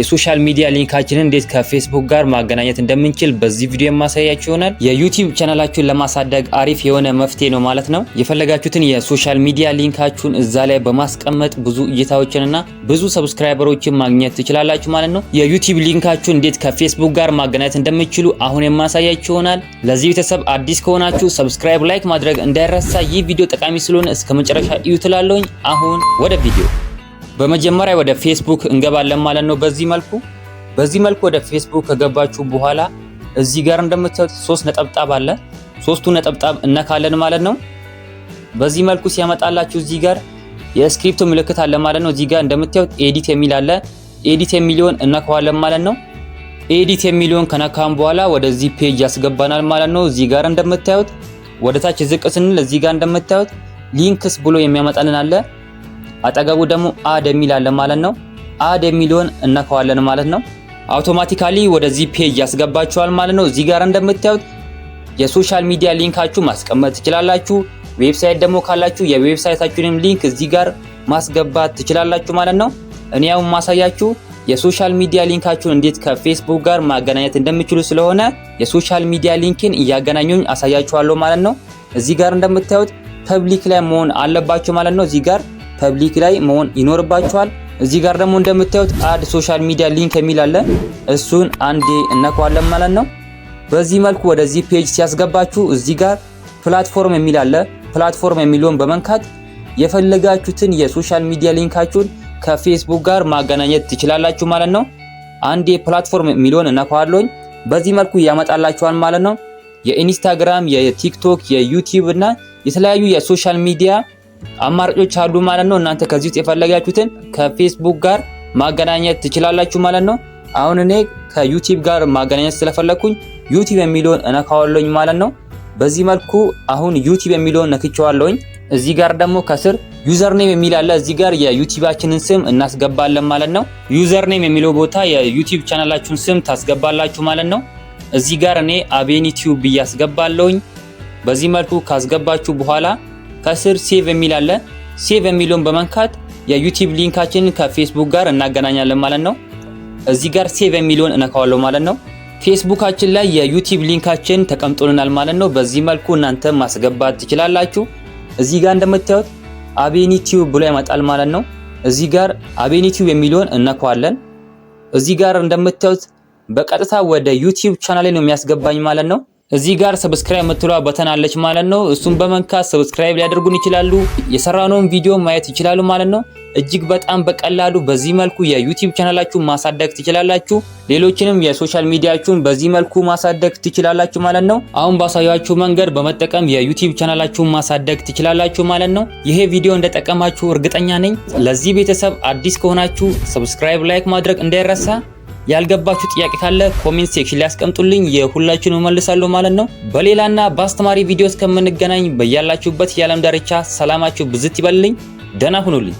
የሶሻል ሚዲያ ሊንካችንን እንዴት ከፌስቡክ ጋር ማገናኘት እንደምንችል በዚህ ቪዲዮ የማሳያችሁ ይሆናል። የዩቲዩብ ቻናላችሁን ለማሳደግ አሪፍ የሆነ መፍትሄ ነው ማለት ነው። የፈለጋችሁትን የሶሻል ሚዲያ ሊንካችሁን እዛ ላይ በማስቀመጥ ብዙ እይታዎችንና ብዙ ሰብስክራይበሮችን ማግኘት ትችላላችሁ ማለት ነው። የዩቲዩብ ሊንካችሁን እንዴት ከፌስቡክ ጋር ማገናኘት እንደምችሉ አሁን የማሳያችሁ ይሆናል። ለዚህ ቤተሰብ አዲስ ከሆናችሁ ሰብስክራይብ፣ ላይክ ማድረግ እንዳይረሳ። ይህ ቪዲዮ ጠቃሚ ስለሆነ እስከ መጨረሻ እዩ ትላለውኝ። አሁን ወደ ቪዲዮ በመጀመሪያ ወደ ፌስቡክ እንገባለን ማለት ነው። በዚህ መልኩ በዚህ መልኩ ወደ ፌስቡክ ከገባችሁ በኋላ እዚህ ጋር እንደምታዩት ሶስት ነጠብጣብ አለ። ሶስቱ ነጠብጣብ እነካለን ማለት ነው። በዚህ መልኩ ሲያመጣላችሁ እዚህ ጋር የስክሪፕቱ ምልክት አለ ማለት ነው። እዚህ ጋር እንደምታዩት ኤዲት የሚል አለ። ኤዲት የሚለውን እነካዋለን ማለት ነው። ኤዲት የሚለውን ከነካም በኋላ ወደዚህ ፔጅ ያስገባናል ማለት ነው። እዚህ ጋር እንደምታዩት ወደ ታች ዝቅ ስንል እዚህ ጋር እንደምታዩት ሊንክስ ብሎ የሚያመጣልን አለ አጠገቡ ደግሞ አድ አለ ማለት ነው። አድ የሚለውን እነካዋለን ማለት ነው። አውቶማቲካሊ ወደዚህ ፔጅ ያስገባችኋል ማለት ነው። እዚህ ጋር እንደምታዩት የሶሻል ሚዲያ ሊንካችሁ ማስቀመጥ ትችላላችሁ። ዌብሳይት ደግሞ ካላችሁ የዌብሳይታችሁንም ሊንክ እዚህ ጋር ማስገባት ትችላላችሁ ማለት ነው። እኔ ያው ማሳያችሁ የሶሻል ሚዲያ ሊንካችሁን እንዴት ከፌስቡክ ጋር ማገናኘት እንደምችሉ ስለሆነ የሶሻል ሚዲያ ሊንክን እያገናኙኝ አሳያችኋለሁ ማለት ነው። እዚህ ጋር እንደምታዩት ፐብሊክ ላይ መሆን አለባቸው ማለት ነው። እዚህ ጋር ፐብሊክ ላይ መሆን ይኖርባችኋል። እዚህ ጋር ደግሞ እንደምታዩት አድ ሶሻል ሚዲያ ሊንክ የሚል አለ። እሱን አንዴ እነኳለን ማለት ነው። በዚህ መልኩ ወደዚህ ፔጅ ሲያስገባችሁ እዚህ ጋር ፕላትፎርም የሚል አለ። ፕላትፎርም የሚለውን በመንካት የፈለጋችሁትን የሶሻል ሚዲያ ሊንካችሁን ከፌስቡክ ጋር ማገናኘት ትችላላችሁ ማለት ነው። አንዴ ፕላትፎርም የሚለውን እነኳለኝ። በዚህ መልኩ ያመጣላችኋል ማለት ነው። የኢንስታግራም፣ የቲክቶክ፣ የዩቲዩብ እና የተለያዩ የሶሻል ሚዲያ አማራጮች አሉ ማለት ነው። እናንተ ከዚህ ውስጥ የፈለጋችሁትን ከፌስቡክ ጋር ማገናኘት ትችላላችሁ ማለት ነው። አሁን እኔ ከዩቲዩብ ጋር ማገናኘት ስለፈለኩኝ ዩቲዩብ የሚለውን እነካዋለኝ ማለት ነው። በዚህ መልኩ አሁን ዩቲዩብ የሚለውን ነክቸዋለውኝ። እዚህ ጋር ደግሞ ከስር ዩዘር ኔም የሚል አለ። እዚህ ጋር የዩቲዩባችንን ስም እናስገባለን ማለት ነው። ዩዘርኔም ኔም የሚለው ቦታ የዩቲዩብ ቻናላችሁን ስም ታስገባላችሁ ማለት ነው። እዚህ ጋር እኔ አቤኒቲዩብ ብዬ በዚህ መልኩ ካስገባችሁ በኋላ ከስር ሴቭ የሚል አለ። ሴቭ የሚለውን በመንካት የዩቲዩብ ሊንካችንን ከፌስቡክ ጋር እናገናኛለን ማለት ነው። እዚህ ጋር ሴቭ የሚለውን እነካዋለሁ ማለት ነው። ፌስቡካችን ላይ የዩቲዩብ ሊንካችን ተቀምጦልናል ማለት ነው። በዚህ መልኩ እናንተ ማስገባት ትችላላችሁ። እዚህ ጋር እንደምታዩት አቤኒቲዩብ ብሎ ያመጣል ማለት ነው። እዚህ ጋር አቤኒቲዩብ የሚለውን እነካዋለን። እዚህ ጋር እንደምታዩት በቀጥታ ወደ ዩቲዩብ ቻናሌ ነው የሚያስገባኝ ማለት ነው። እዚህ ጋር ሰብስክራይብ የምትሏ በተን አለች ማለት ነው። እሱን በመንካት ሰብስክራይብ ሊያደርጉን ይችላሉ። የሰራነውን ቪዲዮ ማየት ይችላሉ ማለት ነው። እጅግ በጣም በቀላሉ በዚህ መልኩ የዩቲዩብ ቻናላችሁን ማሳደግ ትችላላችሁ። ሌሎችንም የሶሻል ሚዲያችሁን በዚህ መልኩ ማሳደግ ትችላላችሁ ማለት ነው። አሁን ባሳያችሁ መንገድ በመጠቀም የዩቲዩብ ቻናላችሁን ማሳደግ ትችላላችሁ ማለት ነው። ይሄ ቪዲዮ እንደጠቀማችሁ እርግጠኛ ነኝ። ለዚህ ቤተሰብ አዲስ ከሆናችሁ ሰብስክራይብ፣ ላይክ ማድረግ እንዳይረሳ። ያልገባችሁ ጥያቄ ካለ ኮሜንት ሴክሽን ላይ ያስቀምጡልኝ፣ የሁላችሁን እመልሳለሁ ማለት ነው። በሌላና በአስተማሪ ቪዲዮ እስከምንገናኝ በያላችሁበት የዓለም ዳርቻ ሰላማችሁ ብዝት ይበልልኝ። ደህና ሁኑልኝ።